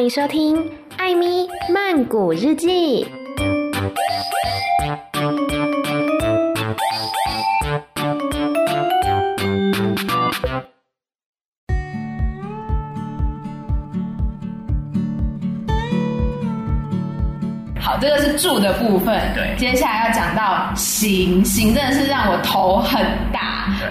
歡迎收聽《艾咪曼谷日記》。好，這個是住的部分。對，接下來要講到行，行真的是讓我頭很大。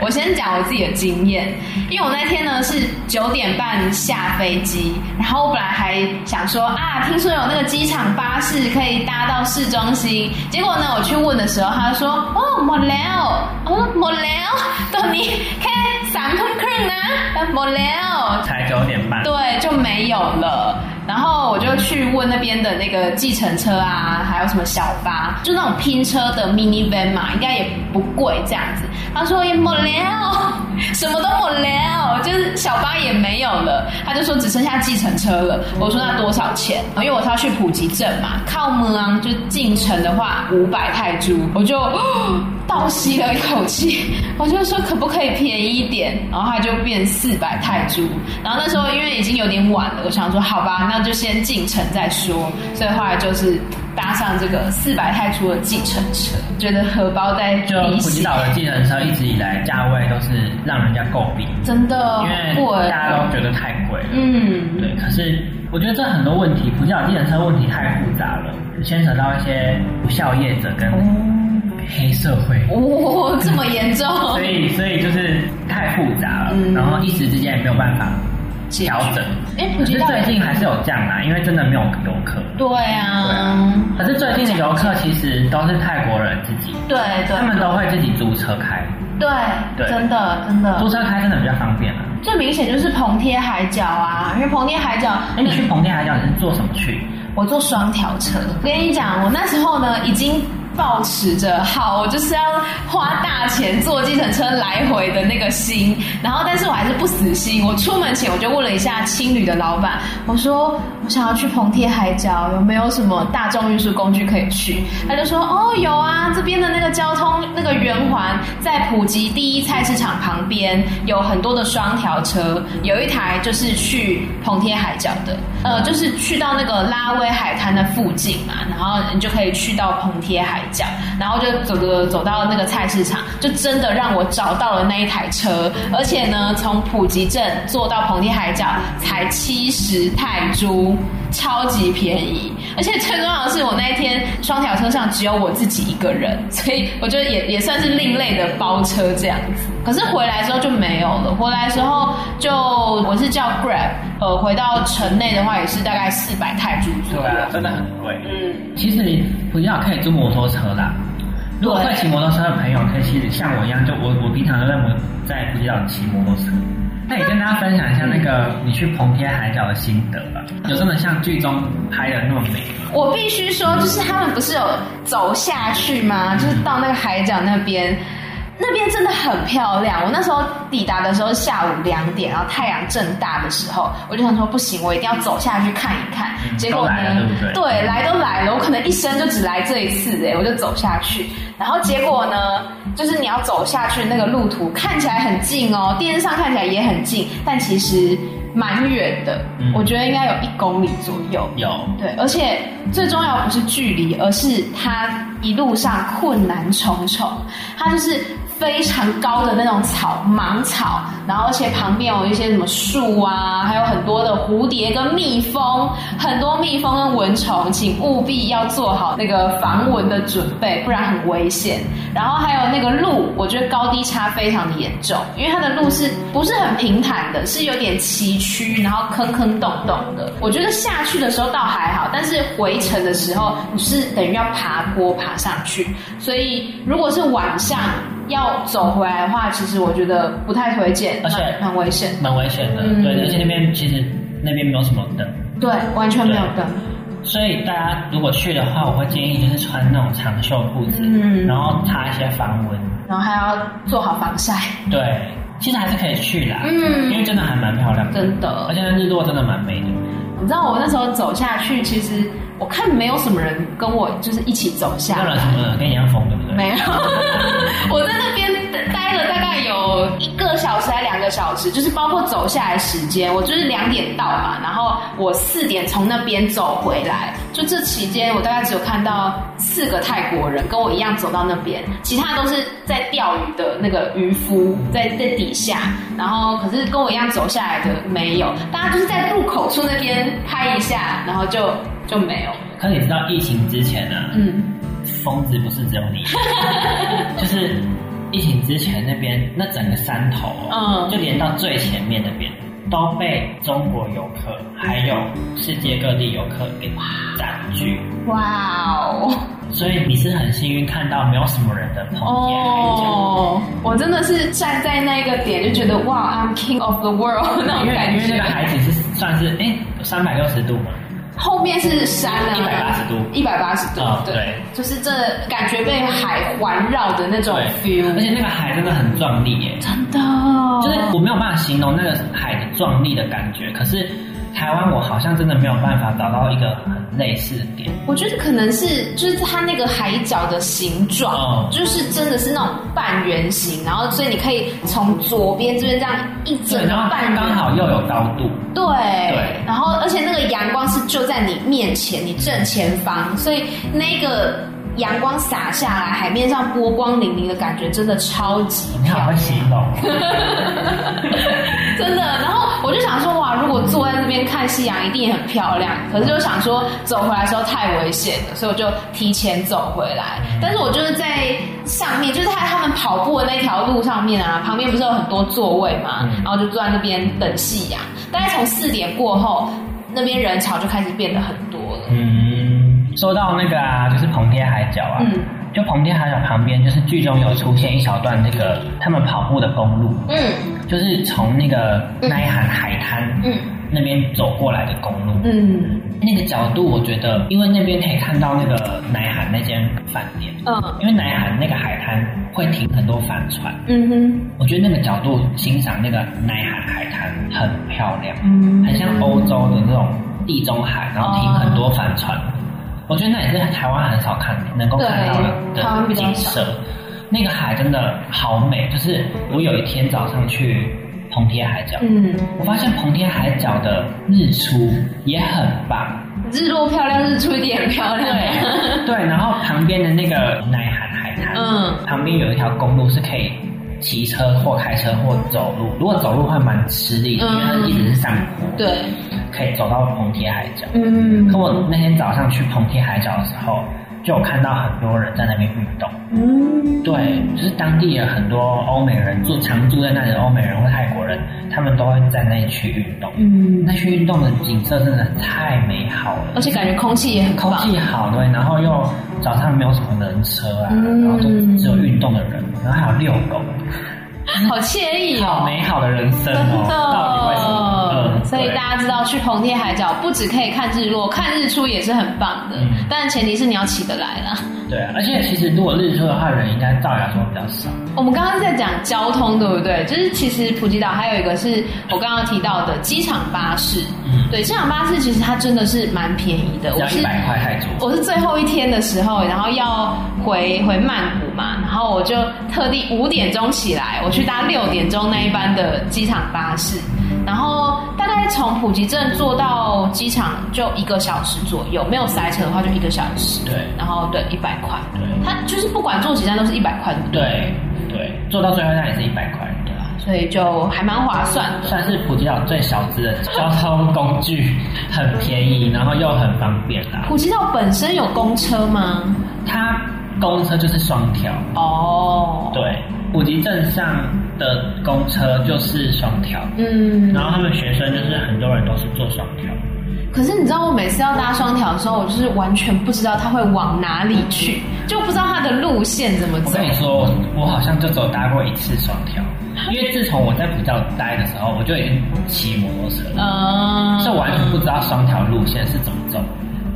我先講我自己的經驗，因為我那天呢是九點半下飛機，然後我本來還想說啊，聽說有那個機場巴士可以搭到市中心，結果呢我去問的時候，他就說哦，莫雷奧，哦，莫雷奧，等你開什麼車啊，莫雷奧才九點半，對，就沒有了。然後我就去問那邊的那個計程車啊，還有什麼小巴，就那種拼車的 minivan 嘛，應該也不貴這樣子。他說也沒了，什麼都沒了，就是小巴也沒有了。他就說只剩下計程車了。我說那多少錢？嗯、因為我是要去普吉鎮嘛，靠門啊，就進城的話五百泰銖。我就。嗯倒吸了一口氣，我就說可不可以便宜一點？然後他就變四百泰銖。然後那時候因為已經有點晚了，我想說好吧，那就先進城再說。所以後來就是搭上這個四百泰銖的計程車，覺得荷包在。就普吉島的計程車一直以來價位都是讓人家詬病，真的，因為大家都覺得太貴了。嗯，對。可是我覺得這很多問題，普吉島計程車問題太複雜了，牽扯到一些不肖業者跟、嗯。黑社會哦，這麼嚴重，所以所以就是太複雜了，然後一時之間也沒有辦法調整。哎，其實最近還是有降啦，因為真的沒有遊客。對啊，可是最近的遊客其實都是泰國人自己，對，他們都會自己租車開。對，真的真的，租車開真的比較方便啊。最明顯就是蓬貼海角啊，因為蓬貼海角，哎，你去蓬貼海角你是坐什麼去？我坐雙條車。我跟你講，我那時候呢已經。抱持着好，我就是要花大錢坐計程車來回的那個心，然後但是我還是不死心。我出門前我就問了一下青旅的老板，我說。我想要去蓬帖海角，有沒有什麼大眾運輸工具可以去？他就說：哦，有啊，這邊的那個交通那個圓環，在普吉第一菜市場旁邊有很多的雙條車，有一台就是去蓬帖海角的，呃，就是去到那個拉威海灘的附近嘛，然後你就可以去到蓬帖海角，然後就走走走到那個菜市場，就真的讓我找到了那一台車，而且呢，從普吉鎮坐到蓬帖海角才七十泰銖。超級便宜，而且最重要的是，我那一天雙條車上只有我自己一個人，所以我覺得也也算是另類的包車這樣子。可是回來之後就沒有了，回來之後就我是叫 Grab，呃，回到城內的話也是大概四百泰銖，對啊，真的很貴。嗎嗯，其實你不要可以租摩托車啦，如果會騎摩托車的朋友可以其實像我一樣，就我我平常都在不叫騎摩托車。那你跟大家分享一下那個你去蓬帖海角的心得吧，有這麼像劇中拍的那麼美嗎？我必須說，就是他們不是有走下去嗎？就是到那個海角那邊。那邊真的很漂亮。我那時候抵達的時候下午兩點，然後太陽正大的時候，我就想說不行，我一定要走下去看一看。結果呢，對，對，對，來都來了，我可能一生就只來這一次，誒我就走下去。然後結果呢，就是你要走下去，那個路途看起來很近哦，電視上看起來也很近，但其實蠻遠的。嗯，我覺得應該有一公里左右。有對，而且最重要不是距離，而是它一路上困難重重，它就是。非常高的那種草，芒草，然後而且旁邊有一些什麼樹啊，還有很多的蝴蝶跟蜜蜂，很多蜜蜂跟蚊蟲，請務必要做好那個防蚊的準備，不然很危險。然後還有那個路，我覺得高低差非常的嚴重，因為它的路是不是很平坦的，是有點崎嶇，然後坑坑洞洞的。我覺得下去的時候倒還好，但是回程的時候你是等於要爬坡爬上去，所以如果是晚上要走回來的話，其實我覺得不太推薦，而且蠻危險，蠻危險的。對的，嗯、而且那邊其實那邊沒有什麼燈，對，完全沒有燈。所以大家如果去的話，我會建議就是穿那種長袖褲子，嗯、然後擦一些防蚊，然後還要做好防曬。對，其實還是可以去的，嗯，因為真的還蠻漂亮的，真的，而且日落真的蠻美的。你知道我那時候走下去，其實我看沒有什麼人跟我就是一起走下來。什麼跟楊峰，對不對？沒有， 我在那邊待待了大概有。個小時還兩個小時，就是包括走下來時間，我就是兩點到嘛，然後我四點從那邊走回來，就這期間，我大概只有看到四個泰國人跟我一樣走到那邊，其他都是在釣魚的那個漁夫在在底下，然後可是跟我一樣走下來的沒有，大家就是在入口處那邊拍一下，然後就就沒有。可是你知道疫情之前呢、啊？嗯，瘋子不是只有你， 就是。疫情之前，那邊那整個山頭，嗯，就連到最前面那邊，嗯，都被中國遊客還有世界各地遊客給佔據。哇哦！所以你是很幸運看到沒有什麼人的。哦，我真的是站在那一個點就覺得哇，I'm king of the world 那種感覺，因為，因為那個孩子是算是哎三百六十度嘛。後面是山啊，一百八十度，一百八十度，oh, 對，對，就是這感覺被海環繞的那種 feel，而且那個海真的很壯麗耶，真的，哦，就是我沒有辦法形容那個海的壯麗的感覺。可是台灣我好像真的沒有辦法找到一個很類似的點，我覺得可能是就是它那個海角的形狀，oh. 就是真的是那種半圓形，然後所以你可以從左邊這邊這樣一整半，然後剛好又有高度，對，對，然後而且那個陽光是就。在你面前，你正前方，所以那個陽光灑下來，海面上波光粼粼的感覺，真的超級漂亮。你好 真的，然後我就想說，哇，如果坐在那邊看夕陽，一定也很漂亮。可是，就想說走回來的時候太危險了，所以我就提前走回來。但是我就是在上面，就是在他們跑步的那條路上面啊，旁邊不是有很多座位嘛，然後就坐在那邊等夕陽。大概從四點過後。那邊人潮就開始變得很多了。嗯，說到那個啊，就是蓬帖海角啊。嗯就旁邊還有旁邊，就是劇中有出現一小段那個他們跑步的公路，嗯，就是從那個奈涵海灘，嗯，那邊走過來的公路，嗯，那個角度我覺得，因為那邊可以看到那個奈涵那間飯店，嗯，因為奈涵那個海灘會停很多帆船，嗯哼，我覺得那個角度欣賞那個奈涵海灘很漂亮，嗯，很像歐洲的那種地中海，然後停很多帆船。我覺得那裡是台灣很少看能夠看到的景色，那個海真的好美。就是我有一天早上去澎天海角，嗯，我發現澎天海角的日出也很棒，日落漂亮，日出一定很漂亮對。對，然後旁邊的那個奈涵海灘，嗯，旁邊有一條公路是可以。騎車或開車或走路，如果走路會蠻吃力的。嗯、因為一直是上坡。對，可以走到蓬帖海角。嗯，可我那天早上去蓬帖海角的時候，就有看到很多人在那邊運動。嗯，對，就是當地有很多歐美人住，常住在那裡的歐美人或泰國人，他們都會在那裡去運動。嗯，那去運動的景色真的太美好了，而且感覺空氣也很空氣、啊、好，對，然後又。早上沒有什麼人車啊，然後就只有運動的人，然後還有遛狗。好愜意哦，美好的人生哦。真的，嗯、所以大家知道去紅天海角，不止可以看日落，看日出也是很棒的。嗯、但是前提是你要起得來啦。嗯、對啊，而且其實如果日出的話，人應該照樣會比較少。嗯、我們剛剛在講交通，對不對？就是其實普吉島還有一個是我剛剛提到的機場巴士。嗯，對，機場巴士其實它真的是蠻便宜的。比較100我是百塊泰銖，我是最後一天的時候，然後要回回曼谷嘛。然後我就特地五點鐘起來，我去搭六點鐘那一班的機場巴士，然後大概從普吉鎮坐到機場就一個小時左右，沒有塞車的話就一個小時。對，然後對一百塊，對它就是不管坐幾站都是一百塊，對對，坐到最後站也是一百塊對啦、啊，所以就還蠻划算，算是普吉島最小資的交通工具，很便宜， 然後又很方便、啊、普吉島本身有公車嗎？它。公車就是雙條哦，oh. 對，普吉鎮上的公車就是雙條，嗯，然後他們學生就是很多人都是坐雙條。可是你知道我每次要搭雙條的時候，我就是完全不知道他會往哪裡去，就不知道他的路線怎麼走。我跟你說，我好像就只有搭過一次雙條，因為自從我在普吉待的時候，我就已經騎摩托車了，就、oh. 完全不知道雙條路線是怎麼走。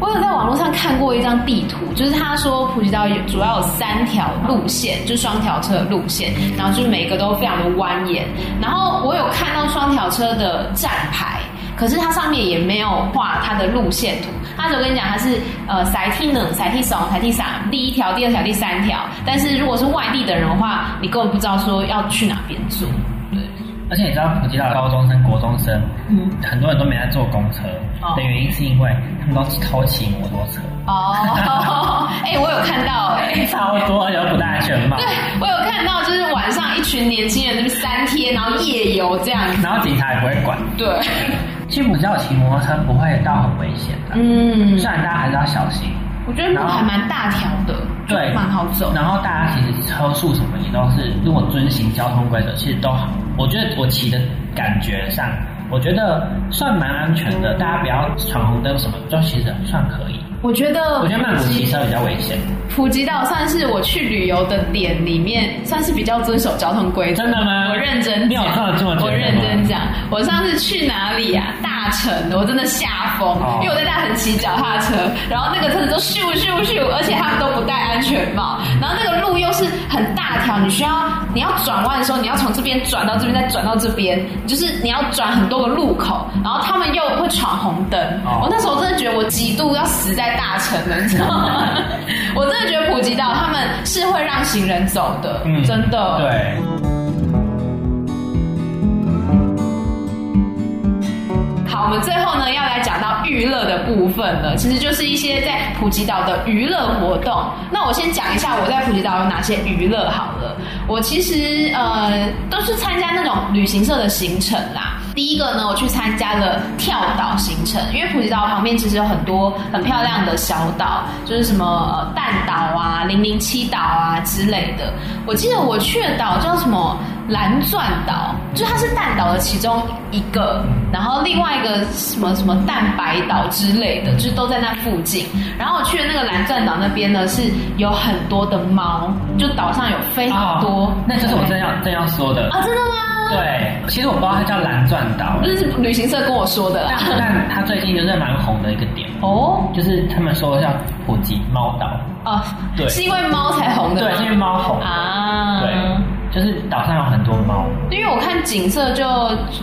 我有在網絡上看過一張地圖，就是他說普吉島主要有三條路線，就是雙條車路線，然後就是每個都非常的蜿蜒。然後我有看到雙條車的站牌，可是它上面也沒有畫它的路線圖。他就跟你講，它是呃，賽 T 呢，賽 T 慫，賽 T 三。第一條、第二條、第三條。但是如果是外地的人的話，你根本不知道說要去哪邊住。而且你知道，普吉島高中生、國中生，很多人都沒在坐公車的原因，是因為他們都偷騎摩托車。哦，哎，我有看到，哎，超多有不大全嘛？對我有看到，就是晚上一群年輕人，就是三天然後夜遊這樣，然後警察也不會管。對，其實普吉島騎摩托車不會到很危險的，嗯，雖然大家還是要小心。我覺得路還蠻大條的，對，蠻好走。然後大家其實車速什麼也都是，如果遵行交通規則，其實都好。我覺得我騎的感覺上，我覺得算蠻安全的。嗯、大家不要闖紅燈什麼，都其實算可以。我覺得我覺得曼谷騎車比較危險。普吉島算是我去旅遊的點裡面，算是比較遵守交通規則。真的嗎？我認真講，有算了這麼我認真講。我上次去哪裡啊？大城，我真的嚇瘋，oh. 因為我在大城騎腳踏車，然後那個車子都咻咻咻，而且他們都不戴安全帽。你需要，你要轉彎的時候，你要從這邊轉到這邊，再轉到這邊，就是你要轉很多個路口，然後他們又會闖紅燈。Oh. 我那時候真的覺得我極度要死在大城了，你知道嗎？ 我真的覺得普吉島他們是會讓行人走的，mm. 真的對。好，我們最後呢，要來講到娛樂的部分了，其實就是一些在普吉島的娛樂活動。那我先講一下我在普吉島有哪些娛樂好了，我其實呃都是參加那種旅行社的行程啦。第一個呢，我去參加了跳島行程，因為普吉島旁邊其實有很多很漂亮的小島，就是什麼蛋島啊、零零七島啊之類的。我記得我去的島叫什麼藍鑽島，就它是蛋島的其中一個，然後另外一個什麼什麼蛋白島之類的，就是都在那附近。然後我去的那個藍鑽島那邊呢，是有很多的貓，就島上有非常多。哦，那就是我這樣這樣說的啊，哦，真的嗎？對，其實我不知道它叫藍鑽島，這是旅行社跟我說的啦。但它最近就是蠻紅的一個點哦，Oh? 就是他們說的叫普吉貓島啊，對，是因為貓才紅的，對，是因為貓紅啊，對，就是島上有很多貓。因為我看景色就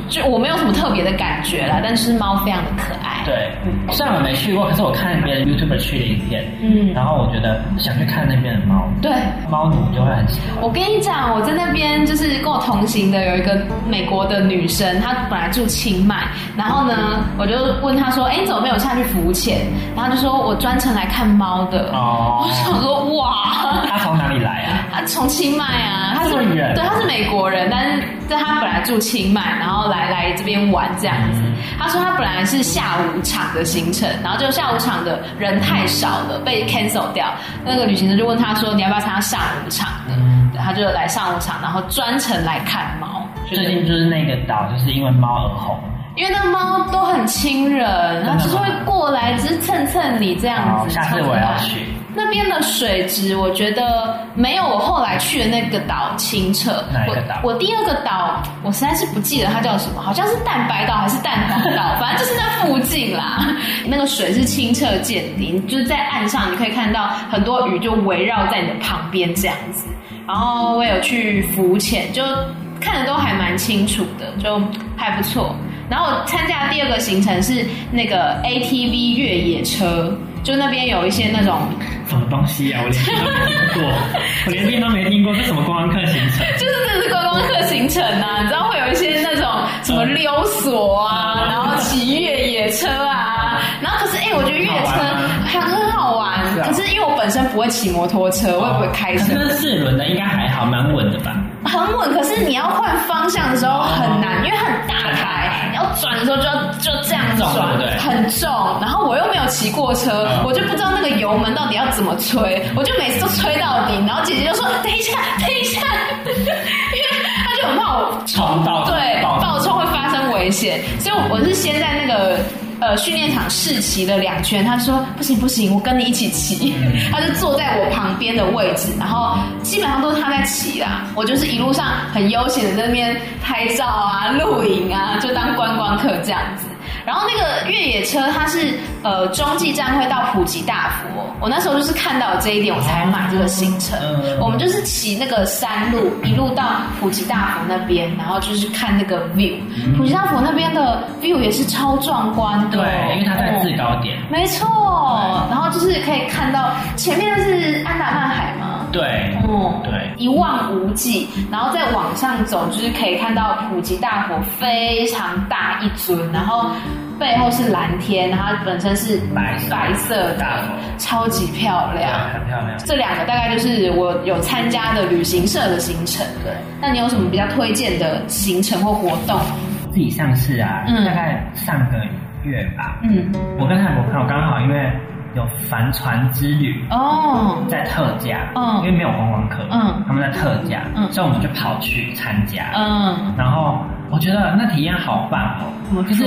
就我沒有什麼特別的感覺啦，但是貓非常的可愛。對，雖然我沒去過，可是我看別人 YouTuber 去了影片，嗯，然後我覺得想去看那邊的貓，對，貓奴就會很喜歡。我跟你講，我在那邊就是跟我同行的有一個美國的女生，她本來住清邁，然後呢，我就問她說，哎、欸，你怎麼沒有下去浮潛？然後就說，我專程來看貓的。哦，我說，哇，她從哪裡來啊？她從清邁啊，這麼遠？是，對，她是美國人，但是在她本來住清邁，然後來來這邊玩這樣子。嗯、她說她。本來是下午場的行程，然後就下午場的人太少了，被 cancel 掉。那個旅行社就問他說：“你要不要參加上午場的、嗯？”他就來上午場，然後專程來看貓。最近就是那個島，就是因為貓而紅，因為那貓都很親人，它只是會過來，只、就是蹭蹭你這樣子。下次我要去。那邊的水質，我覺得沒有我後來去的那個島清澈。哪個島？我，我第二個島，我實在是不記得它叫什麼，好像是蛋白島還是蛋黃島，反正就是那附近啦。 那個水是清澈見底，就是在岸上你可以看到很多魚就圍繞在你的旁邊這樣子。然後我有去浮潛，就看得都還蠻清楚的，就還不錯。然後我參加第二個行程是那個 ATV 越野車，就那邊有一些那種。什麼東西呀、啊？我連聽都沒聽過，我連聽都沒聽過。這什麼觀光客行程？就是這是觀光客行程啊。對你知道會有一些那種什麼溜索啊，是然後騎越野車啊。 可是因為我本身不會騎摩托車，我也不會開車。哦、可是四輪的應該還好，蠻穩的吧。很穩，可是你要換方向的時候很難，哦、因為很大台，大台你要轉的時候就要就這樣轉，重吧，對很重。然後我又沒有騎過車，哦、我就不知道那個油門到底要怎麼吹，哦、我就每次都吹到底。然後姐姐就說：“等一下，等一下。”因為她就很怕我衝到，對，爆衝會發生危險。哦、所以我是先在那個。呃，訓練場試騎了兩圈，他說不行不行，我跟你一起騎。他就坐在我旁邊的位置，然後基本上都是他在騎啦，我就是一路上很悠閒的在那邊拍照啊、錄影啊，就當觀光客這樣子。然後那個越野車，它是呃中繼站會到普吉大佛。哦，我那時候就是看到這一點，我才買這個行程。啊嗯、我們就是騎那個山路，一路到普吉大佛那邊，然後就是看那個 view。嗯、普吉大佛那邊的 view 也是超壯觀的。哦，對，因為它在制高點，沒錯。嗯、然後就是可以看到前面是安達曼海嘛。對，嗯，對，一望無際，然後再往上走，就是可以看到普吉大佛非常大一尊，然後背後是藍天，然後本身是白色白色的，大佛超級漂亮，很漂亮。這兩個大概就是我有參加的旅行社的行程對。那你有什麼比較推薦的行程或活動？自己上市啊，嗯、大概上個月吧，嗯哼，我跟韓國朋友剛好因為。有帆船之旅哦，在特價，嗯，因為沒有觀光客，嗯，他們在特價，嗯，所以我們就跑去參加，嗯，然後我覺得那體驗好棒哦，可是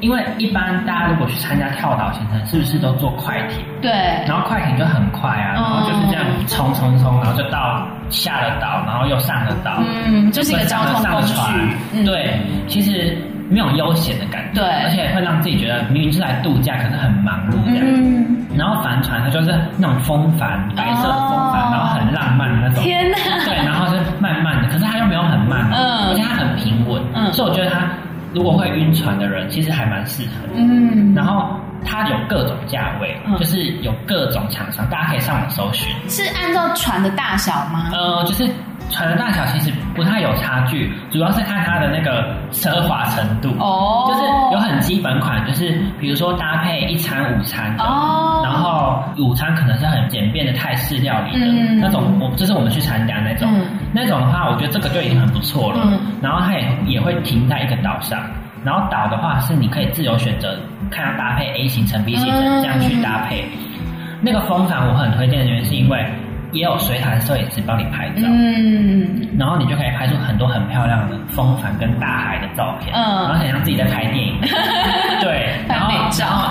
因為一般大家如果去參加跳島行程，是不是都坐快艇？對，然後快艇就很快啊，然後就是這樣衝冲冲，然後就到下了島，然後又上了島，嗯，就是一個上了船。對，其實。沒有悠閒的感覺，對，而且會讓自己覺得明明是來度假，可是很忙碌的。嗯，然後帆船它就是那種風帆，白色的風帆，然後很浪漫的那種。天哪，對，然後是慢慢的，可是它又沒有很慢，嗯，而且它很平穩。嗯，所以我覺得它如果會暈船的人，其實還蠻適合的。嗯，然後它有各種價位，就是有各種廠商，大家可以上網搜尋。是按照船的大小嗎？呃，就是。船的大小其實不太有差距，主要是看它的那個奢華程度。哦，就是有很基本款，就是比如說搭配一餐午餐。哦，然後午餐可能是很簡便的泰式料理的，嗯、那種我這、就是我們去參加那種，嗯、那種的話我覺得這個就已經很不錯了。嗯、然後它也也會停在一個島上，然後島的話是你可以自由選擇，看要搭配 A 行程、B 行程、嗯、這樣去搭配。那個風帆我很推薦的原因是因為。也有隨團攝影師幫你拍照，嗯，然後你就可以拍出很多很漂亮的風帆跟大海的照片，嗯，然後想像自己在拍電影，嗯、對，然後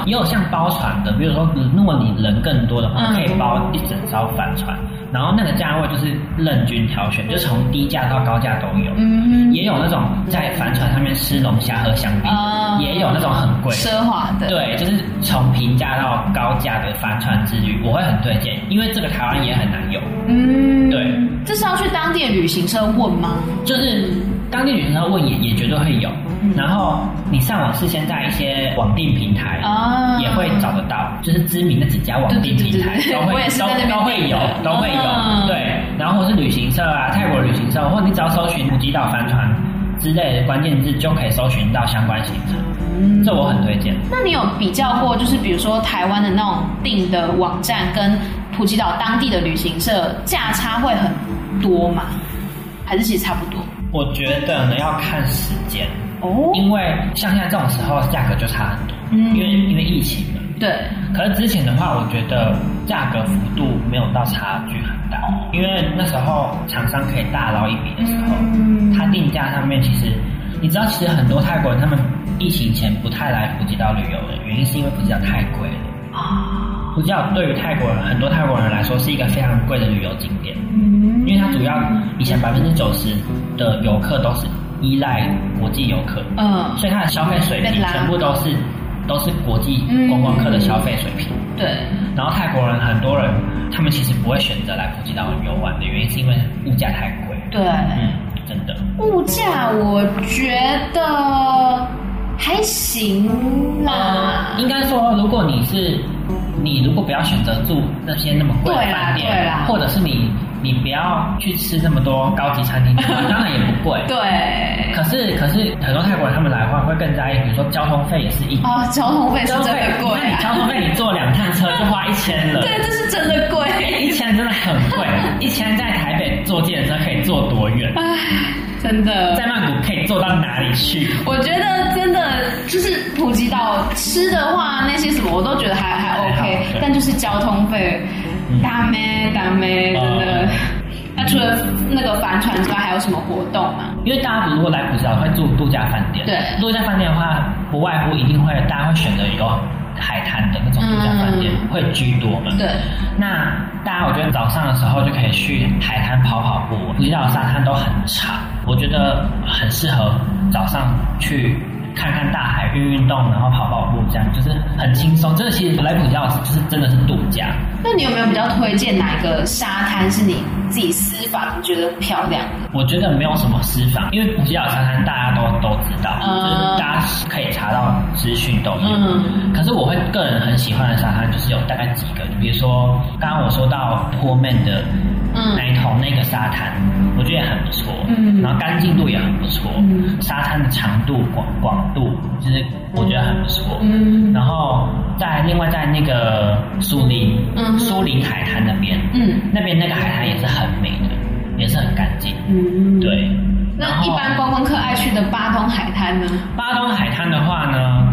也有像包船的，比如說，如果你人更多的話，可以包一整艘帆船，嗯、然後那個價位就是任君挑選，嗯、就從低價到高價都有，嗯也有那種在帆船上面吃龍蝦和香檳，啊、也有那種很貴奢華的，的對，就是從平價到高價的帆船之旅，我會很推薦，因為這個台灣也很難有，嗯，對，這是要去當地的旅行社問嗎？就是。當地旅行社問也也絕對會有，嗯、然後你上網是先在一些網訂平台、嗯、也會找得到，就是知名的幾家網訂平台，對對對對都會都會有，都會有，會有，嗯、對，然後或是旅行社啊，泰國旅行社，或你只要搜尋普吉島帆船之類的關鍵字，就可以搜尋到相關行程，嗯、這我很推薦。那你有比較過，就是比如說台灣的那種訂的網站跟普吉島當地的旅行社價差會很多嗎？還是其實差不多？我覺得呢要看時間哦，因為像現在這種時候價格就差很多，嗯，因為因為疫情嘛，對。可是之前的話，我覺得價格幅度沒有到差距很大，嗯，因為那時候廠商可以大撈一筆的時候，嗯，它定價上面其實，你知道，其實很多泰國人他們疫情前不太來普吉島旅遊的原因是因為普吉島太貴了啊，普吉島對於泰國人很多泰國人來說是一個非常貴的旅遊景點，嗯，因為它主要以前百分之九十。的遊客都是依賴國際遊客，嗯，所以他的消費水平全部都是都是國際觀光客的消費水平，嗯嗯、對。然後泰國人很多人，他們其實不會選擇來普吉島遊玩的原因是因為物價太貴，對，嗯，真的。物價我覺得還行啦，嗯、應該說如果你是你如果不要選擇住那些那麼貴的飯店，或者是你。你不要去吃這麼多高級餐廳，當然也不貴。 對。可是，可是很多泰國人他們來的話，會更在意，比如說交通費也是一哦，交通費是真的貴啊。交通費你坐兩趟車就花一千了。 對，這是真的貴。一千真的很貴， 一千在台北坐捷運車可以坐多遠？唉， 真的。在曼谷可以坐到哪裡去？我覺得真的就是普吉島，吃的話，那些什麼我都覺得還還 OK，還但就是交通費。大美大美真的。那、呃、除了那個帆船之外，還有什麼活動嗎？因為大家如果來普吉島，會住度假飯店。對，度假飯店的話，不外乎一定會大家會選擇一個海灘的那種度假飯店、嗯、會居多嘛。對。那大家我覺得早上的時候就可以去海灘跑跑步，普吉島沙灘都很長，我覺得很適合早上去看看大海、運運動，然後跑跑步這樣，就是很輕鬆。真的，其實來普吉島就是真的是度假。那你有沒有比較推薦哪一個沙灘是你自己私房覺得漂亮的？我覺得沒有什麼私房，因為普吉島沙灘大家都都知道，嗯、就是大家可以查到資訊都有。嗯、可是我會個人很喜歡的沙灘就是有大概幾個，你比如說剛剛我說到坡面的。奶頭那個沙灘，我覺得很不錯，嗯，然後乾淨度也很不錯，嗯，沙灘的長度、廣廣度，就是我覺得很不錯，嗯，然後在另外在那個蘇林，嗯，蘇林海灘那邊，嗯，那邊那個海灘也是很美的，也是很乾淨，嗯，對。那一般觀光客愛去的巴東海灘呢？巴東海灘的話呢，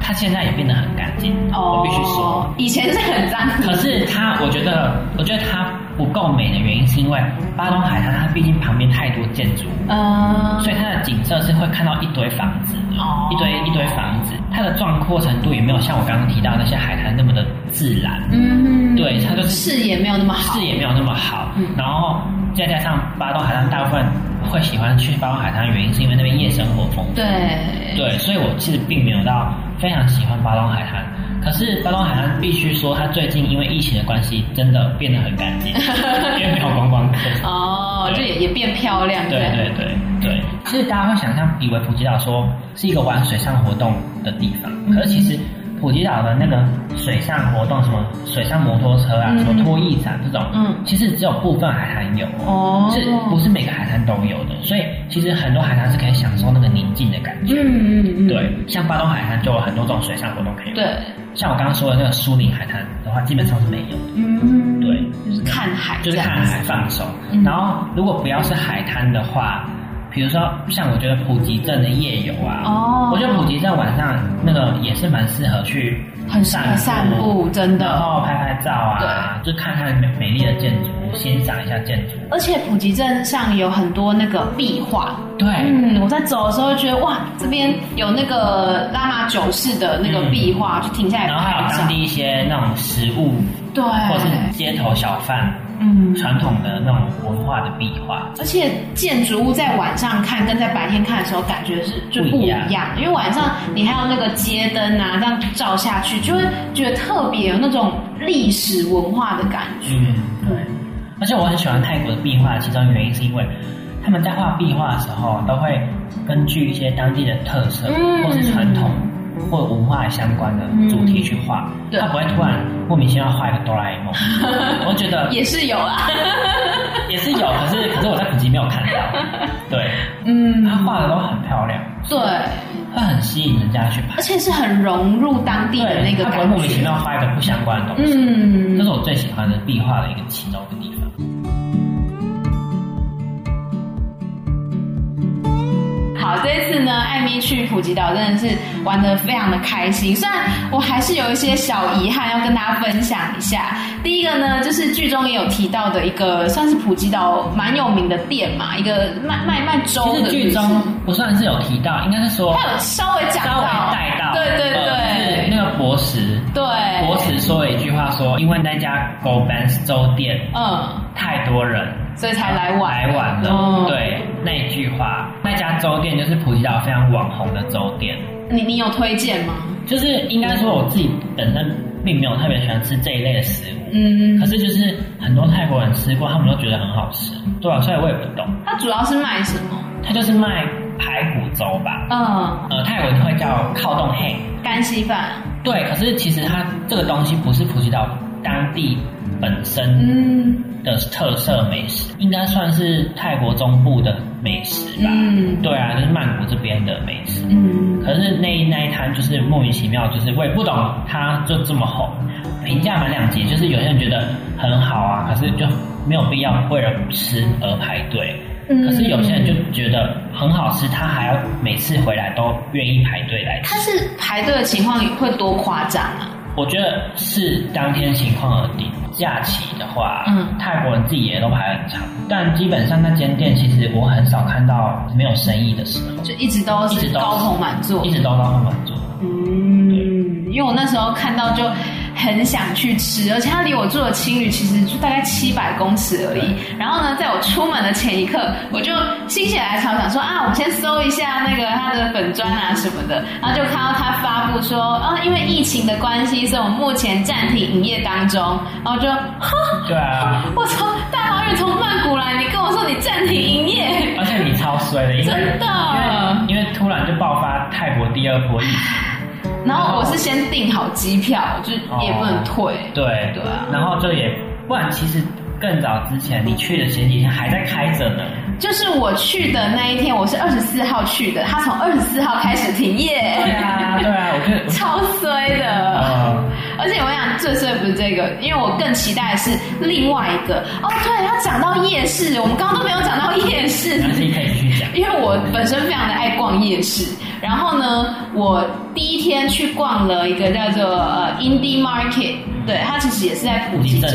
它現在也變得很乾淨，我必須說，以前是很髒，可是它，我覺得，我覺得它。不夠美的原因是因為巴東海灘，它畢竟旁邊太多建築物、uh，哦。所以它的景色是會看到一堆房子的，oh、一堆一堆房子，它的壯闊程度也沒有像我剛剛提到那些海灘那麼的自然，嗯、mm，hmm. 對，它的視野沒有那麼好，視野沒有那麼好，然後再加上巴東海灘，大部分會喜歡去巴東海灘的原因是因為那邊夜生活豐富，對，對，所以我其實並沒有到非常喜歡巴東海灘。可是巴東海灘必須說，它最近因為疫情的關係，真的變得很乾淨，變 光，光哦，就也對也變漂亮。對對對對，對，對。其實大家會想象以為普吉島說是一個玩水上活動的地方，嗯、可是其實普吉島的那個水上活動，什麼水上摩托車啊，嗯、什麼拖曳傘、啊、這種，嗯，其實只有部分海灘有哦，是不是每個海灘都有的？所以其實很多海灘是可以享受那個寧靜的感覺。嗯嗯，嗯對，像巴東海灘就有很多種水上活動可以玩。嗯嗯對。像我剛剛說的那個蘇寧海灘的話，基本上是沒有的嗯。嗯，對，就是看海，就是看海，放鬆。然後，如果不要是海灘的話，嗯，比如說像我覺得普吉鎮的夜遊啊，哦，我覺得普吉鎮晚上那個也是蠻適合去。很散散步，真的，然後拍拍照啊，對就看看美美麗的建築，欣賞一下建築。而且普吉鎮上有很多那個壁畫，對，嗯，我在走的時候就覺得哇，這邊有那個拉瑪九世的那個壁畫，嗯，就停下來，然後還有當地一些那種食物。對，或是街頭小販，嗯，傳統的那種文化的壁畫，而且建築物在晚上看跟在白天看的時候感覺是就不一樣，一樣。因為晚上你還有那個街燈啊，這樣照下去就會覺得特別有那種歷史文化的感覺。嗯，對，而且我很喜歡泰國的壁畫，其中原因是因為他們在畫壁畫的時候都會根據一些當地的特色，嗯，或是傳統。或文化相關的主題去畫，嗯、對，他不會突然莫名其妙畫一個哆啦 A 夢。 我覺得也是有啊， 也是有，可是可是我在普吉沒有看到。對，嗯，他畫的都很漂亮，對，他很吸引人家去拍，而且是很融入當地的那個感覺。他不會莫名其妙畫一個不相關的東西。嗯，這是我最喜歡的壁畫的一個其中的地方。好，這一次呢，艾咪去普吉島真的是玩的非常的開心，雖然我還是有一些小遺憾要跟大家分享一下。第一個呢，就是劇中也有提到的一個算是普吉島蠻有名的店嘛，一個賣賣賣粥的、就是。劇中不算是有提到，應該是說他有稍微講到，帶到，對對對，就、呃、是那個博士對博士說了一句話說，因為那家 Go Benz 粥店嗯太多人。所以才來晚來晚了。哦，對，那一句話，那家粥店就是普吉島非常網紅的粥店。你你有推薦嗎？就是應該說我自己本身並沒有特別喜歡吃這一類的食物。嗯，可是就是很多泰國人吃過，他們都覺得很好吃。對啊，所以我也不懂。它主要是賣什麼？它就是賣排骨粥吧。嗯、呃，泰文會叫靠凍黑乾稀飯。對，可是其實它這個東西不是普吉島當地本身的特色美食，嗯、應該算是泰國中部的美食吧？嗯、對啊，就是曼谷這邊的美食。嗯，可是那一那一攤就是莫名其妙，就是我也不懂，它就這麼紅，評價蠻兩極，就是有些人覺得很好啊，可是就沒有必要為了吃而排隊。嗯、可是有些人就覺得很好吃，他還要每次回來都願意排隊來吃。他是排隊的情況會多誇張啊？我覺得是當天情況而定。假期的話，嗯，泰國人自己也都排很長，但基本上那間店其實我很少看到沒有生意的時候，就一直都是高朋滿座，一直都,對一直都高朋滿座。嗯，對，因為我那時候看到就。很想去吃，而且它離我住的青旅其實就大概七百公尺而已。對 然後呢，在我出門的前一刻，我就心血來潮，想說啊，我們先搜一下那個它的粉專啊什麼的。然後就看到他發布說啊，因為疫情的關係，所以我們目前暫停營業當中。然後就，對啊，我從大老遠從曼谷來，你跟我說你暫停營業，而且你超衰的，真的因，因為突然就爆發泰國第二波疫情。然後我是先訂好機票，oh, 就是也不能退。對對啊，然後就也，不然其實更早之前，你去的前幾天還在開着呢。就是我去的那一天，我是二十四號去的，他從二十四號開始停業。Okay. Yeah. 對啊，對啊，我超衰的。Oh. 而且我想，最最不是這個，因為我更期待的是另外一個。哦，對，他講到夜市，我們剛剛都沒有講到夜市。可以 因為我本身非常的愛逛夜市。然後呢，我第一天去逛了一個叫做呃 Indie Market，對，它其實也是在普吉鎮。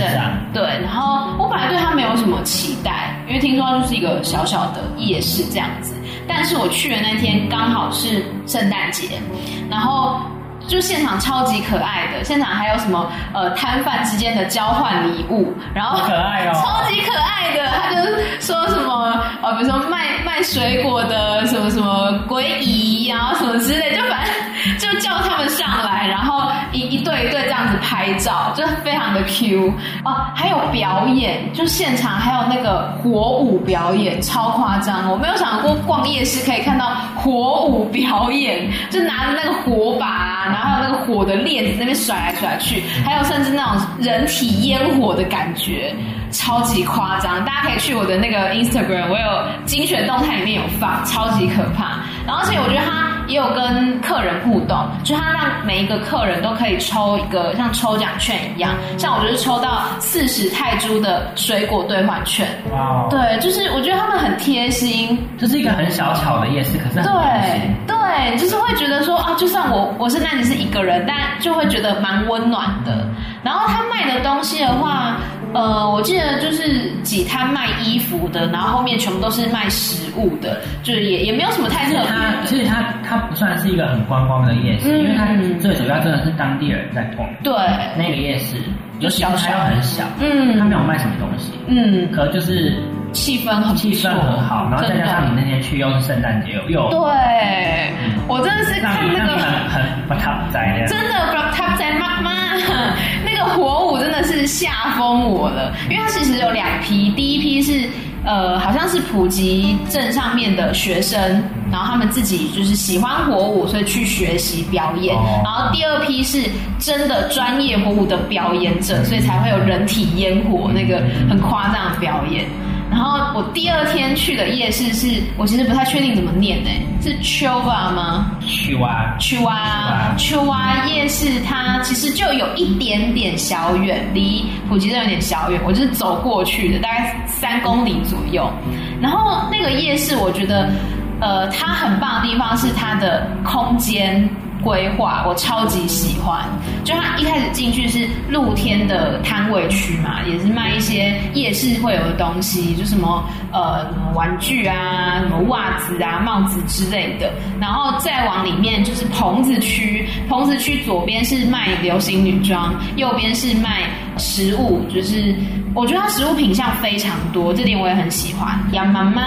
對，然後我本來對它沒有什麼期待，因為聽說就是一個小小的夜市這樣子。但是我去的那天剛好是聖誕節，然後。就現場超級可愛的，現場還有什麼呃攤販之間的交換禮物，然後、可愛哦、超級可愛的，他就說什麼呃，比如說賣賣水果的什麼什麼鬼姨然後什麼之類，就反正。就叫他們上來，然後一一對一對這樣子拍照，就非常的 q 哦、啊，還有表演，就現場還有那個火舞表演，超誇張、哦！我沒有想過逛夜市可以看到火舞表演，就拿着那個火把、啊，然後還有那個火的鏈子在那邊甩來甩去，還有甚至那種人體煙火的感覺，超級誇張！大家可以去我的那個 Instagram，我有精選動態裡面有放，超級可怕。然後而且我覺得他，也有跟客人互動，就他讓每一個客人都可以抽一個像抽獎券一樣，像我就是抽到四十泰銖的水果兌換券。哇！Wow. 對，就是我覺得他們很貼心，就是一個很小巧的夜市，可是很溫馨。對，對，就是會覺得說，啊，就算我我現在只是一個人，但就會覺得蠻溫暖的。然後他賣的東西的話。呃，我記得就是幾攤賣衣服的，然後後面全部都是賣食物的，就是也也沒有什麼太特別。它其實它它不算是一個很觀光，光的夜市，嗯、因為它最主要真的是當地人在逛。對，那個夜市，又小又很小，嗯，它沒有賣什麼東西，嗯，嗯，可就是。嗯氣氛很氣氛很好，然後再加上你那天去又是聖誕節，有對，我真的是看那個、嗯、那很不、不的，真的媽媽，那個火舞真的是嚇瘋我了。因為它其實有兩批，第一批是呃好像是普吉鎮上面的學生，然後他們自己就是喜歡火舞，所以去學習表演。然後第二批是真的專業火舞的表演者，所以才會有人體煙火那個很誇張的表演。然後我第二天去的夜市是，我其實不太確定怎麼念呢？是秋蛙嗎？秋蛙，秋蛙，秋蛙夜市，它其實就有一點點小遠，離普吉鎮有點小遠，我就是走過去的，大概三公里左右。嗯、然後那個夜市，我覺得，呃，它很棒的地方是它的空間。規劃我超級喜歡，就它一開始進去是露天的攤位區嘛，也是賣一些夜市會有的東西，就什麼呃什麼玩具啊、什麼襪子啊、帽子之類的。然後再往裡面就是棚子區，棚子區左邊是賣流行女裝，右邊是賣食物，就是我覺得他食物品項非常多，這點我也很喜歡。羊媽媽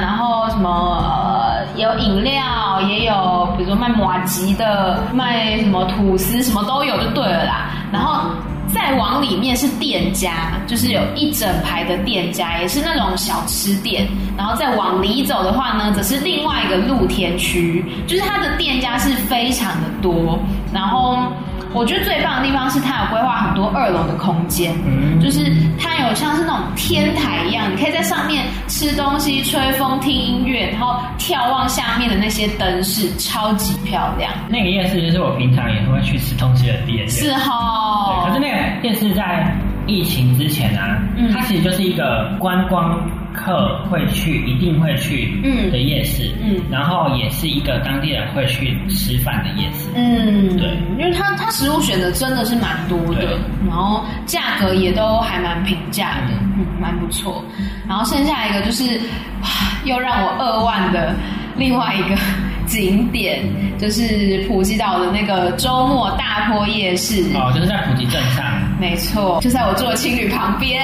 然後什麼？呃有飲料，也有比如說賣麻吉的，賣什麼吐司，什麼都有，就對了啦。然後再往裡面是店家，就是有一整排的店家，也是那種小吃店。然後再往裡走的話呢，則是另外一個露天區，就是它的店家是非常的多。然後。我覺得最棒的地方是它有規劃很多二樓的空間，就是它有像是那種天台一樣，你可以在上面吃東西、吹風、聽音樂，然後眺望下面的那些燈飾，超級漂亮。那個夜市就是我平常也會去吃東西的夜市，是哈、哦。可是那個夜市在疫情之前啊，它其實就是一個觀光客會去，一定會去的夜市，嗯，嗯然後也是一個當地人會去吃飯的夜市，嗯，對，因為它它食物選擇的真的是蠻多的，對然後價格也都還蠻平價的，嗯,嗯，蠻不錯。然後剩下一個就是哇，又讓我扼腕的另外一個景點，就是普吉島的那個周末大坡夜市，哦，就是在普吉鎮上。沒錯，就在我住的青旅旁邊，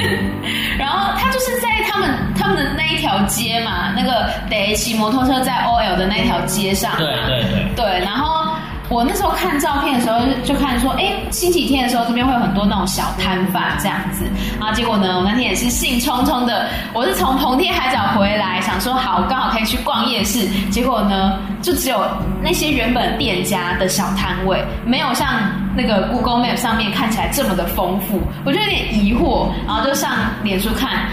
然後他就是在他們他們的那一條街嘛，那個得騎摩托車在 OL 的那一條街上，對對對，對，對，對。然後我那時候看照片的時候就，就看說，哎，星期天的時候這邊會有很多那種小攤販這樣子。然後結果呢，我那天也是興沖沖的，我是從蓬天海角回來，想說好，剛好可以去逛夜市。結果呢，就只有那些原本店家的小攤位，沒有像。那個 Google Map 上面看起來這麼的豐富，我就有點疑惑，然後就上臉書看，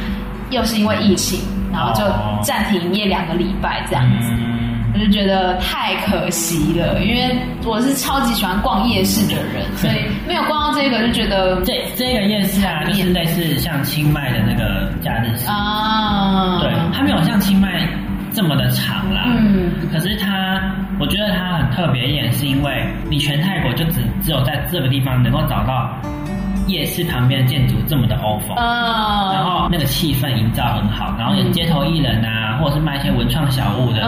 又是因為疫情，然後就暫停營業兩個禮拜這樣子，哦嗯、我就覺得太可惜了，因為我是超級喜歡逛夜市的人，嗯、所以沒有逛到這個就覺得這這個夜市啊，就太難 是類似像清邁的那個假日市啊，對，他沒有像清邁。這麼的長啦，嗯，可是它，我覺得它很特別一點，是因為你全泰國就只只有在這個地方能夠找到夜市旁邊的建築這麼的歐風，然後那個氣氛營造很好，然後有街頭藝人啊、或者是賣一些文創小物的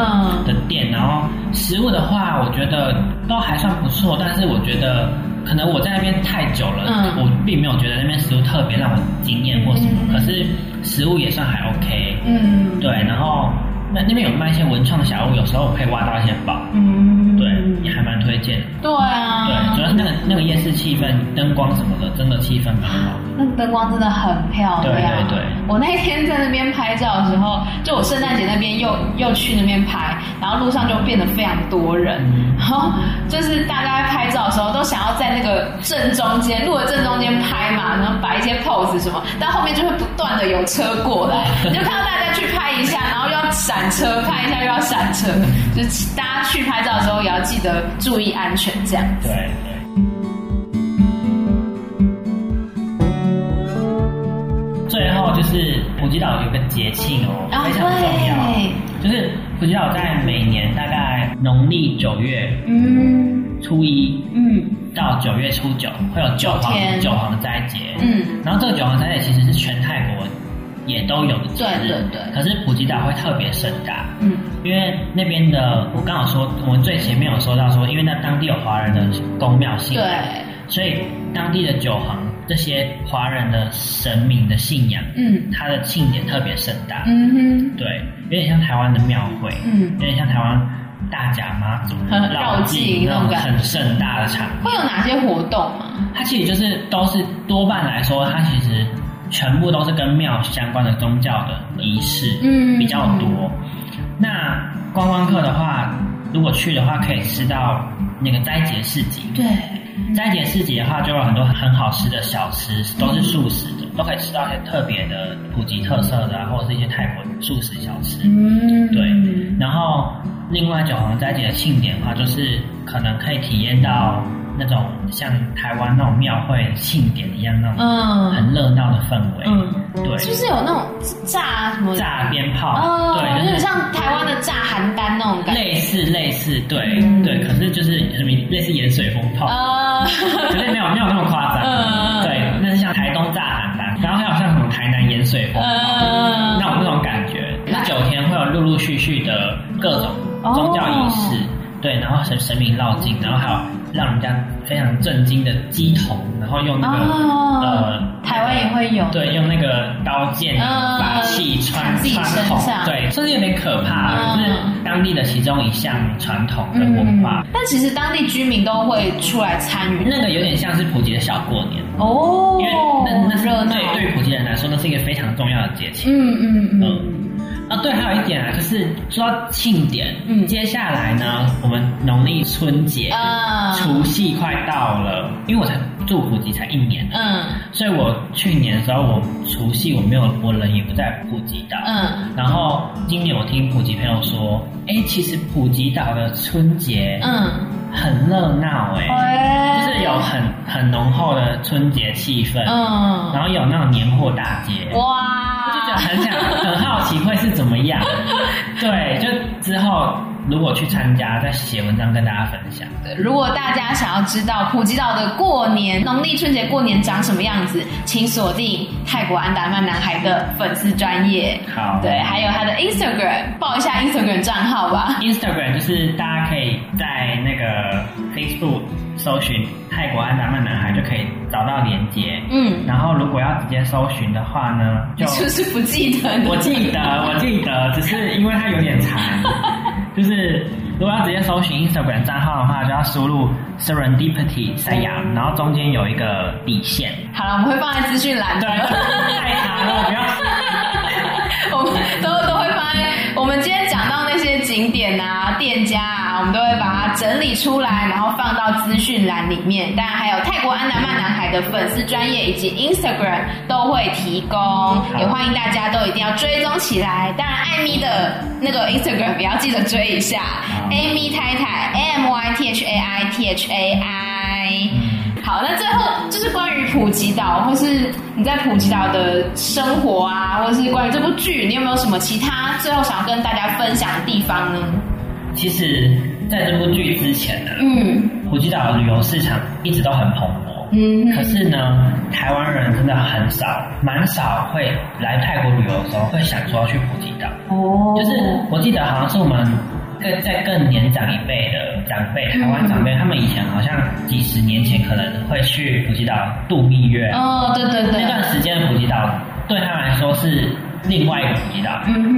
的店，然後食物的話，我覺得都還算不錯，但是我覺得可能我在那邊太久了，我並沒有覺得那邊食物特別讓我驚艷或什麼，可是食物也算還 OK，嗯，對，然後。那那邊有賣一些文創的小物，有時候可以挖到一些寶。嗯，對，也還蠻推薦的。對啊，對，主要是那個那個夜市氣氛、燈光什麼的，真的氣氛很好。那個燈光真的很漂亮。對對對。我那一天在那邊拍照的時候，就我聖誕節那邊又又去那邊拍，然後路上就變得非常多人。然後、嗯哦、就是大家拍照的時候，都想要在那個正中間，路的正中間拍嘛，然後擺一些 pose 什麼。但後面就會不斷的有車過來，你就看到大家去拍一下，然後。閃車，看一下又要閃車，就大家去拍照的時候也要記得注意安全，這樣子對。對，最後就是普吉島有個節慶哦，啊，非常重要。對就是普吉島在每年大概農曆九月，嗯，初一，嗯，到九月初九，嗯，會有九皇九，天九皇的齋節，嗯，然後這個九皇齋節其實是全泰國。也都有次，對對對，可是普吉島會特別盛大，嗯，因為那邊的，我剛好說，我們最前面有說到說，因為那當地有華人的宮廟信仰，對，所以當地的酒行這些華人的神明的信仰，嗯，它的慶典特別盛大，嗯哼，對，有點像台灣的廟會，嗯哼，有點像台灣大甲媽祖，很熱鬧，很盛大的場面。會有哪些活動嗎？它其實就是都是多半來說，它其實。全部都是跟廟相關的宗教的儀式，嗯，比較多。那觀光客的話，如果去的話，可以吃到那個齋節市集。對，齋節市集的話，就有很多很好吃的小吃，都是素食的，嗯、都可以吃到一些特別的普吉特色的、啊，或者是一些泰國素食小吃。嗯，對。然後另外九皇齋節的慶典的話，就是可能可以體驗到。那種像台灣那種廟會慶典一樣那種嗯，嗯，很熱鬧的氛圍，對，是不是有那種炸、啊、什麼炸鞭炮？嗯、對，就是像台灣的炸邯鄲那種感覺，類似類似，對、嗯、對，可是就是類似鹽水蜂炮，啊、嗯，可是沒有沒有那麼誇張，嗯、對，那是像台東炸邯鄲，然後還有像什麼台南鹽水蜂炮，嗯、那種那種感覺。那九天會有陸陸續續的各種宗教儀式，哦、對，然後神神明繞境，然後還有。讓人家非常震驚的雞頭，然後用那個、哦、呃，台灣也會有、呃、對，用那個刀劍啊、法、呃、器串在身上，對，甚至有點可怕，嗯、是當地的其中一項傳統的文化。嗯嗯、但其實當地居民都會出來參與，那個有點像是普吉的小過年哦，嗯、因為那那是對對普吉人來說，那是一個非常重要的節慶、嗯。嗯嗯嗯。嗯啊、哦，對，還有一點啊，就是說到慶典，嗯，接下來呢，我們農曆春節啊，嗯、除夕快到了，因為我才住普吉才一年了，嗯，所以我去年的時候，我除夕我沒有，我人也不在普吉島，嗯，然後今年我聽普吉朋友說，哎，其實普吉島的春節，嗯，很熱鬧誒，哎、嗯，就是有很很濃厚的春節氣氛，嗯，然後有那種年貨大街，哇，我就覺得很想。 你會 是怎麼樣？對，就之後如果去參加，再寫文章跟大家分享。對，如果大家想要知道普吉島的過年、農曆春節過年長什麼樣子，請鎖定泰國安達曼男孩的粉絲專頁。好，對，還有他的 Instagram，報一下 Instagram 賬號吧。Instagram 就是大家可以在那個 Facebook。搜尋泰國安達曼男孩就可以找到連接，嗯，然後如果要直接搜尋的話呢，就是不，是不記得，我記得，我記得，只是因為他有點長， 就是如果要直接搜尋 Instagram 賬號的話，就要輸入 Serendipity Siam，然後中間有一個底線。好了，我們會放在資訊欄，對，太長了，不要，我們都。我們今天講到那些景點啊、店家啊，我們都會把它整理出來，然後放到資訊欄裡面。當然，還有泰國安達曼男孩的粉絲專業以及 Instagram 都會提供，也歡迎大家都一定要追蹤起來。當然，艾咪的那個 Instagram 也要記得追一下，Amy 太太 a a M Y T H A I T H A I。好，那最後就是關於普吉島，或是你在普吉島的生活啊，或是關於這部劇，你有沒有什麼其他最後想要跟大家分享的地方呢？其實，在這部劇之前呢、啊，嗯，普吉島的旅遊市場一直都很蓬勃，嗯，可是呢，台灣人真的很少，蠻少會來泰國旅遊的時候會想說要去普吉島，哦，就是我記得好像是我們。在更，更年長一輩的長輩，台灣長輩，他們以前好像幾十年前可能會去普吉島度蜜月。哦，對對對，那段時間的普吉島對他來說是。另外一部劇的，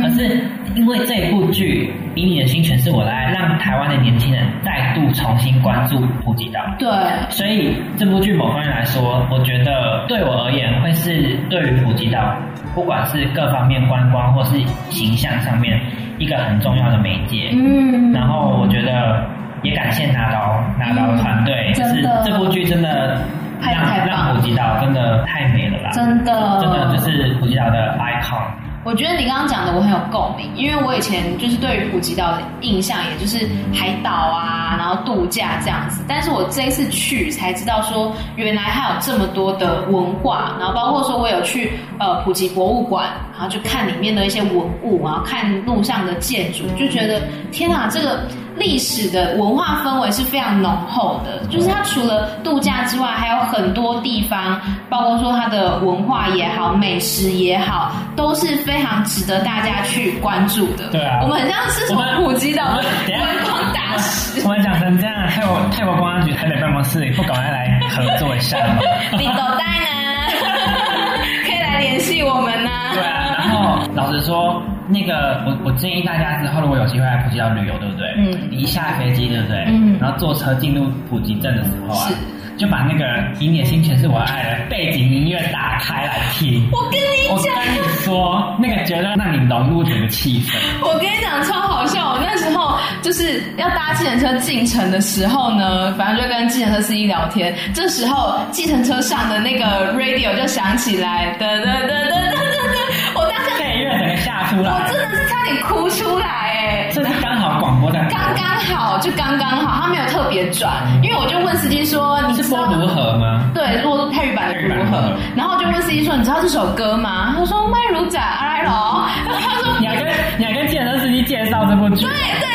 可是因為這部劇《以你的心詮釋我的愛》，讓台灣的年輕人再度重新關注普吉島。對，所以這部劇某方面來說，我覺得對我而言，會是對於普吉島，不管是各方面觀光或是形象上面，一個很重要的媒介。嗯，然後我覺得也感謝拿刀拿刀團隊，嗯、是這部劇真的。讓讓太太普吉島真的太美了吧！真的，真的就是普吉島的 icon。我覺得你剛剛講的我很有共鳴，因為我以前就是對於普吉島的印象也就是海島啊，然後度假這樣子。但是我這一次去才知道說，原來還有這麼多的文化，然後包括說我有去呃普吉博物館，然後就看裡面的一些文物，然後看路上的建築，就覺得天啊，這個。歷史的文化氛圍是非常濃厚的，就是它除了度假之外，還有很多地方，包括說它的文化也好，美食也好，都是非常值得大家去關注的。對啊，我們很像是什麼普吉島觀光大使，我們講成這樣，泰國泰國公安局台北辦公室也不趕快來合作一下嗎？你搞代呢？可以來聯繫我們呢、啊。對啊然後老實說，那個我我建議大家，之後如果有機會來普吉島旅遊，對不對？嗯。你一下飛機，對不對？嗯。然後坐車進入普吉鎮的時候啊，是就把那個《以你的心詮釋我的愛》的背景音樂打開來聽。我跟你講，我跟你說，那個絕對讓你融入整個氣氛。我跟你講超好笑，我那時候就是要搭計程車進城的時候呢，反正就跟計程車司機聊天，這時候計程車，車上的那個 radio 就響起來，噔噔噔噔噔噔我。嚇出來、哦、真的是差點哭出來哎！這是剛好廣播站，剛剛好就剛剛好，他沒有特別轉，因為我就問司機說：“嗯、你是播如何嗎？”對，如果是播泰語版如何？然後我就問司機說：“嗯、你知道這首歌嗎？”他說，、啊、 說：“麥如仔，I l o 他說：“你要跟你要跟健身司機介紹這部劇？”對對。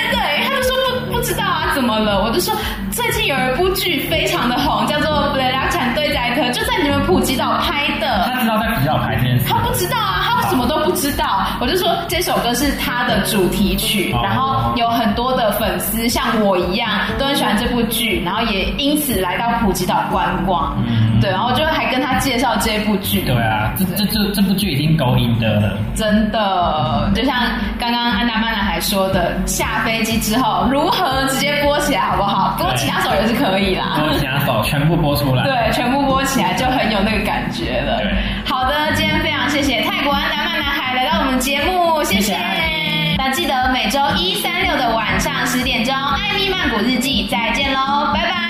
不知道啊，怎麼了？我就說最近有一部劇非常的紅，叫做《布萊拉坎對在特》，就在你們普吉島拍的。他知道在普吉島拍電視？他不知道啊，他什麼都不知道。好我就說這首歌是他的主題曲，好然後有很多的粉絲像我一樣都很喜歡這部劇，然後也因此來到普吉島觀光。嗯、對，然後就還跟他介紹這部劇。對啊，對這這這這部劇已經勾引的了，真的。就像剛剛安達曼男孩說的，下飛機之後如何？呃，直接播起來好不好？播其他首也是可以啦。播其他首全部播出來。 對，全部播起來就很有那個感覺了。對好的，今天非常謝謝泰國安達曼男孩來到我們節目，謝謝。謝謝，那記得每周一、三、六的晚上十點鐘，《艾咪曼谷日記》，再見嘍，拜拜。